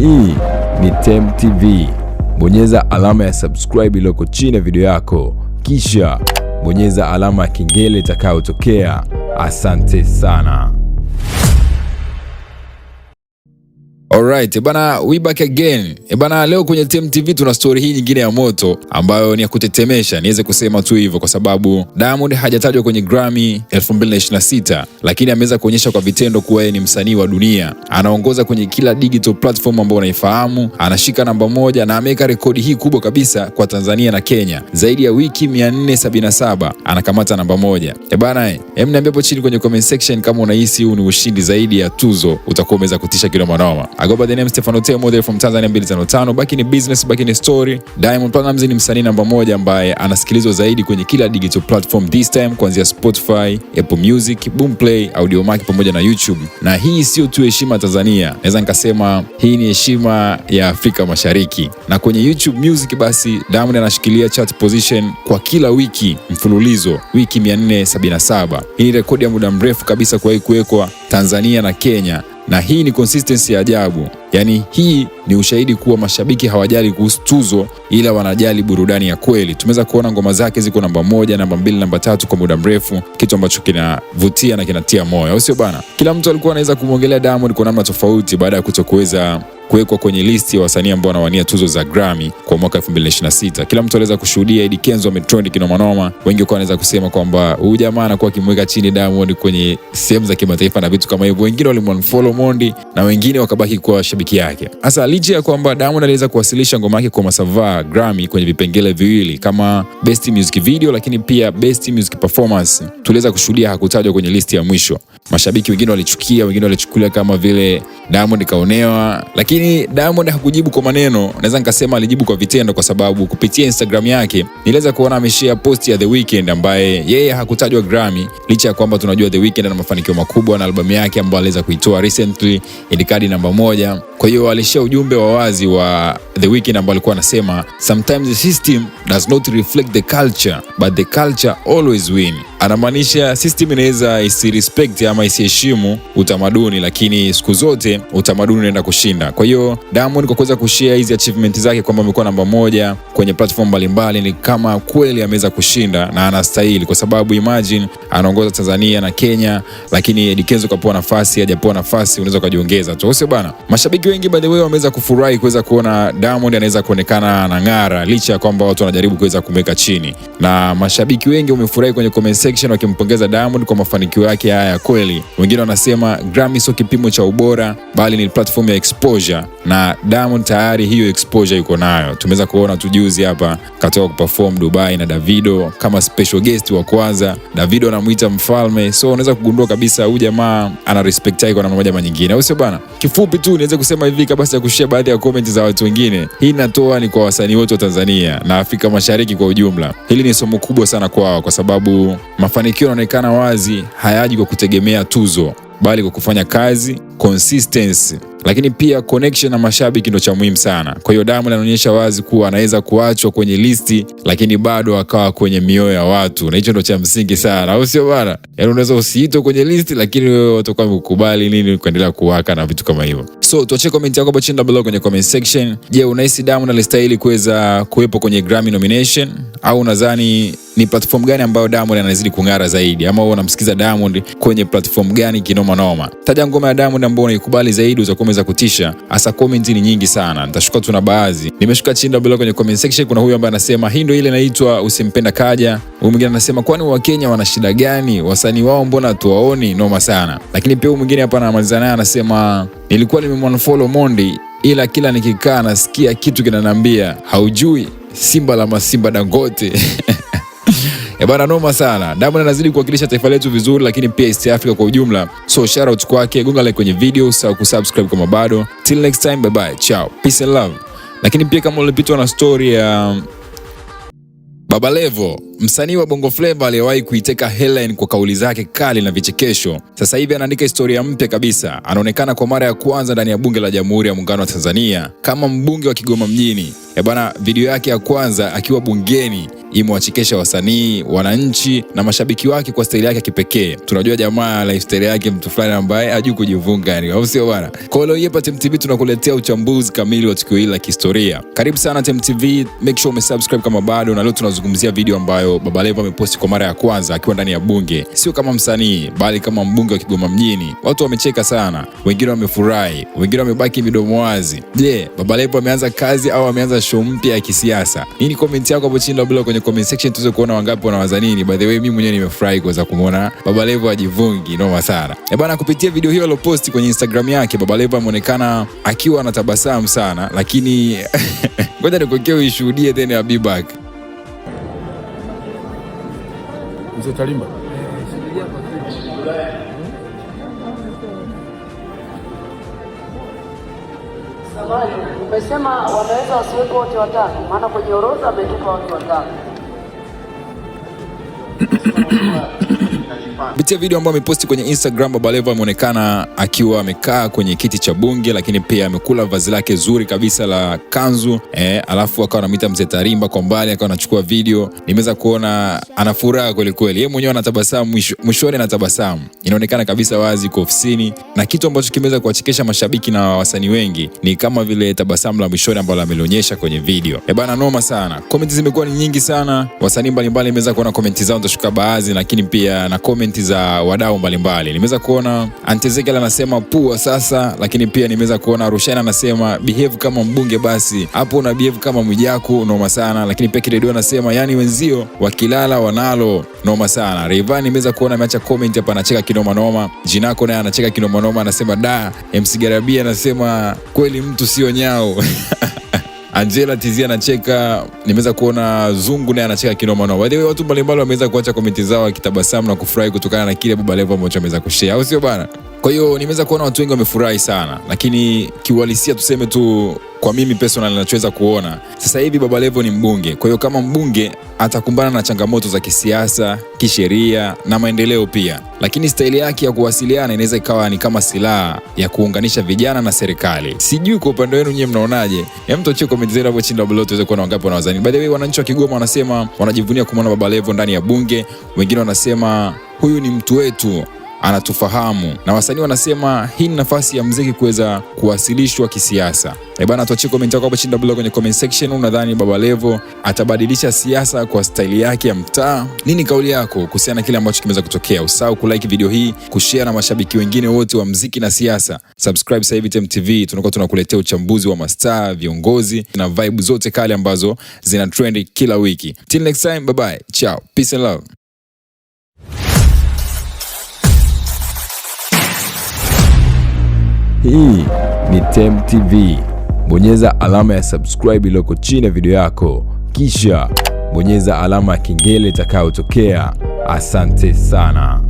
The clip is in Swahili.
Hii ni Temu TV. Bonyeza alama ya subscribe iliyoko chini ya video yako, kisha bonyeza alama ya kengele itakayotokea. Asante sana. Alright, bana we back again. E bana leo kwenye tmtv tuna story hii nyingine ya moto ambayo ni ya kutetemesha, niweze kusema tu hivyo kwa sababu Diamond hajatajwa kwenye Grammy 2026 lakini ameweza kuonyesha kwa vitendo kuwa yeye ni msanii wa dunia. Anaongoza kwenye kila digital platform ambayo unaifahamu, anashika namba moja na ameweka rekodi hii kubwa kabisa kwa Tanzania na Kenya. Zaidi ya wiki 477 anakamata namba moja. ebana bana, hem niambie hapo chini kwenye comment section kama unahisi huu ni ushindi zaidi ya tuzo utakuwa umeweza kutisha kinoma noma go by the name Stefano Temo there from Tanzania 255. Baki ni business, baki ni story. Diamond Platnumz ni msanii namba moja ambaye anasikilizwa zaidi kwenye kila digital platform this time, kuanzia Spotify, Apple Music, Boomplay, Audiomack pamoja na YouTube. Na hii sio tu heshima Tanzania, naweza nikasema hii ni heshima ya Afrika Mashariki. Na kwenye YouTube Music basi Diamond anashikilia chart position kwa kila wiki mfululizo, wiki 477. Hii ni rekodi ya muda mrefu kabisa kuwahi kuwekwa Tanzania na Kenya na hii ni consistency ya ajabu. Yaani hii ni ushahidi kuwa mashabiki hawajali kuhusu tuzo, ila wanajali burudani ya kweli. Tumeweza kuona ngoma zake ziko namba moja, namba mbili, namba tatu kwa muda mrefu, kitu ambacho kinavutia na kinatia moyo, au sio bana? Kila mtu alikuwa anaweza kumwongelea Diamond kwa namna tofauti baada ya kutokuweza kuwekwa kwenye listi ya wasanii ambao wanawania tuzo za Grammy kwa mwaka 2026. Kila mtu anaweza kushuhudia Eddy Kenzo ametrend kinomanoma, wengi wakawa wanaweza kusema kwamba huyu jamaa anakuwa akimweka chini Diamond kwenye sehemu za kimataifa na vitu kama hivyo. Wengine walimunfollow Mondi na wengine wakabaki kuwa shabiki yake. Sasa licha ya kwamba Diamond aliweza kuwasilisha ngoma yake kwa Masava Grammy kwenye vipengele viwili kama best music video, lakini pia best music performance, tuliweza kushuhudia hakutajwa kwenye listi ya mwisho. Mashabiki wengine walichukia, wengine walichukulia kama vile Diamond kaonewa, lakini lakini Diamond hakujibu kwa maneno, naweza nikasema alijibu kwa vitendo, kwa sababu kupitia Instagram yake niliweza kuona ameshare post ya The Weeknd ambaye yeye hakutajwa Grammy, licha ya kwamba tunajua The Weeknd ana mafanikio makubwa na albamu yake ambayo aliweza kuitoa recently ilikadi namba moja. Kwa hiyo alishia ujumbe wa wazi wa The Weeknd ambao alikuwa anasema sometimes the system does not reflect the culture but the culture always win anamaanisha system inaweza isirespect ama isiheshimu utamaduni, lakini siku zote utamaduni unaenda kushinda. Kwa hiyo Diamond kwa kuweza kushare hizi achievement zake kwamba amekuwa namba moja kwenye platform mbalimbali, ni kama kweli ameweza kushinda na anastahili, kwa sababu imagine anaongoza Tanzania na Kenya, lakini Edikenzo kapewa nafasi, hajapewa nafasi, unaweza ukajiongeza tu, sio bana? Mashabiki wengi by the way wameweza kufurahi kuweza kuona Diamond anaweza kuonekana na ng'ara, licha ya kwamba watu wanajaribu kuweza kumweka chini, na mashabiki wengi wamefurahi kwenye comments section wakimpongeza Diamond kwa mafanikio yake haya ya kweli. Wengine wanasema Grammy sio kipimo cha ubora, bali ni platform ya exposure na Diamond tayari hiyo exposure yuko nayo. Tumeweza kuona tu juzi hapa katoka kuperform Dubai na Davido kama special guest wa kwanza. Davido anamuita mfalme, so unaweza kugundua kabisa huyu jamaa ana respect yake kwa namna moja au sio bana? Kifupi tu niweze kusema hivi kabla ya kushare baadhi ya comment za watu wengine, hii natoa ni kwa wasanii wote wa Tanzania na Afrika Mashariki kwa ujumla. Hili ni somo kubwa sana kwao, kwa sababu mafanikio yanaonekana wazi, hayaji kwa kutegemea tuzo, bali kwa kufanya kazi consistency lakini pia connection na mashabiki ndo cha muhimu sana. Kwa hiyo damu anaonyesha wazi kuwa anaweza kuachwa kwenye listi, lakini bado akawa kwenye mioyo ya watu, na hicho ndo cha msingi sana, au sio bana? Yaani unaweza usiitwe kwenye listi, lakini wewe kwa kukubali nini, kuendelea kuwaka na vitu kama hivyo. So tuachie comment yako hapo chini below kwenye comment section. Je, unahisi Diamond alistahili kuweza kuwepo kwenye Grammy nomination au unadhani ni platform gani ambayo Diamond anazidi kung'ara zaidi, ama wewe unamsikiza Diamond kwenye platform gani kinoma noma? Taja ngoma ya Diamond comment ambao unaikubali zaidi utakuwa umeweza kutisha, hasa comment ni nyingi sana. Nitashuka tuna baadhi, nimeshuka chini bila kwenye comment section. Kuna huyu ambaye anasema hii ndio ile inaitwa usimpenda kaja. Huyu mwingine anasema kwani Wakenya wana shida gani? Wasanii wao mbona tuwaoni? Noma sana. Lakini pia huyu mwingine hapa anamaliza naye anasema nilikuwa nimemwanfollow Mondi, ila kila nikikaa nasikia kitu kinanambia haujui Simba la Masimba Dangote Eh, bana, noma sana. Diamond anazidi kuwakilisha taifa letu vizuri, lakini pia East Africa kwa ujumla. So shout out kwake, gonga like kwenye video, usahau kusubscribe kama bado. Till next time, bye bye, ciao, peace and love. Lakini pia kama ulipitwa na story ya um, Baba Levo Msanii wa Bongo Flava aliyewahi kuiteka helen kwa kauli zake kali na vichekesho, sasa hivi anaandika historia mpya kabisa. Anaonekana kwa mara ya kwanza ndani ya Bunge la Jamhuri ya Muungano wa Tanzania kama mbunge wa Kigoma Mjini. Ya video yake ya kwanza akiwa bungeni imewachekesha wasanii, wananchi na mashabiki wake kwa staili yake ya kipekee. Tunajua jamaa lifestyle yake mtu fulani ambaye ajui kujivunga yani, au sio bana? Kwa leo tunakuletea uchambuzi kamili wa tukio hili la kihistoria. Karibu sana tmtv make sure umesubscribe kama bado, na leo tunazungumzia video ambayo ambayo Baba Levo ameposti kwa mara ya kwanza akiwa ndani ya bunge, sio kama msanii bali kama mbunge wa Kigoma mjini. Watu wamecheka sana, wengine wamefurahi, wengine wamebaki midomo wazi. Je, Baba Levo ameanza kazi au ameanza show mpya ya kisiasa? Nini komenti yako hapo chini bila kwenye comment section, tuweze kuona wangapi wanawaza nini. By the way, mimi mwenyewe nimefurahi kuweza kumwona Baba Levo ajivungi noma sana. E bana, kupitia video hiyo aliyoposti kwenye Instagram yake, Baba Levo ameonekana akiwa anatabasamu sana, lakini ngoja nikuekee uishuhudie then I'll Mzee Talimba umesema wanaweza wasiwepo wote watatu, maana kwenye orodha ametupa watu watatu Kupitia video ambayo ameposti kwenye Instagram, Babalevo ameonekana akiwa amekaa kwenye kiti cha bunge, lakini pia amekula vazi lake zuri kabisa la kanzu eh, alafu akawa anamwita mzee Tarimba kwa mbali, akawa anachukua video. Nimeweza kuona ana furaha kweli kweli, yeye mwenyewe anatabasamu, mwishoni anatabasamu. Inaonekana kabisa wazi kwa ofisini, na kitu ambacho kimeweza kuwachekesha mashabiki na wasanii wengi ni kama vile tabasamu la mwishoni ambalo amelionyesha kwenye video. E bana, noma sana. Komenti zimekuwa ni nyingi sana, wasanii mbalimbali imeweza kuona komenti zao, nitashuka baadhi, lakini pia na komenti za wadau mbalimbali. Nimeweza kuona Antezekel anasema pua sasa, lakini pia nimeweza kuona Rushaina anasema behave kama mbunge, basi hapo una behave kama Mwijaku, noma sana. Lakini pia Kidedo anasema yani wenzio wakilala wanalo, noma sana. rivan nimeweza kuona ameacha comment hapa, anacheka kinoma noma. Jinako naye anacheka kinoma noma, anasema da. MC anasema kweli mtu sio nyao Angela TZ anacheka, nimeweza kuona Zungu naye anacheka kinoma noma. By the way, watu mbalimbali wameweza kuacha komenti zao wakitabasamu na kufurahi kutokana na kile Baba Levo ambacho ameweza kushare, au sio bana? Kwa hiyo nimeweza kuona watu wengi wamefurahi sana, lakini kiuhalisia tuseme tu kwa mimi personal ninachoweza kuona sasa hivi Baba Levo ni mbunge. Kwa hiyo kama mbunge atakumbana na changamoto za kisiasa, kisheria na maendeleo pia, lakini staili yake ya kuwasiliana inaweza ikawa ni kama silaha ya kuunganisha vijana na serikali. Sijui kwa upande wenu nyewe mnaonaje? Mtochie komenti zenu hapo chini down tuweze kuona wangapi wanawazani. By the way, wananchi wa Kigoma wanasema wanajivunia kumwona Baba Levo ndani ya bunge, wengine wanasema huyu ni mtu wetu anatufahamu, na wasanii wanasema hii ni nafasi ya mziki kuweza kuwasilishwa kisiasa. E eh, bana, tuachie komenti yako hapo chini blog kwenye comment section. Unadhani Baba Levo atabadilisha siasa kwa staili yake ya mtaa? Nini kauli yako kuhusiana na kile ambacho kimeweza kutokea? Usahau kulike video hii, kushare na mashabiki wengine wote wa mziki na siasa. Subscribe sasa hivi tunakuwa tunakuletea uchambuzi wa mastaa, viongozi na vibe zote kali ambazo zina trendi kila wiki. Till next time, bye bye, ciao, peace and love. Hii ni Tem TV. Bonyeza alama ya subscribe iliyoko chini ya video yako, kisha bonyeza alama ya kengele itakayotokea. Asante sana.